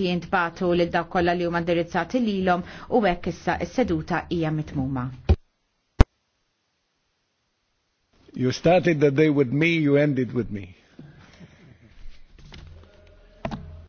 proposti jintbatu lil dawk kollha li huma indirizzati lilhom u hekk issa s-seduta hija mitmuma. You started the day with me, you ended with me.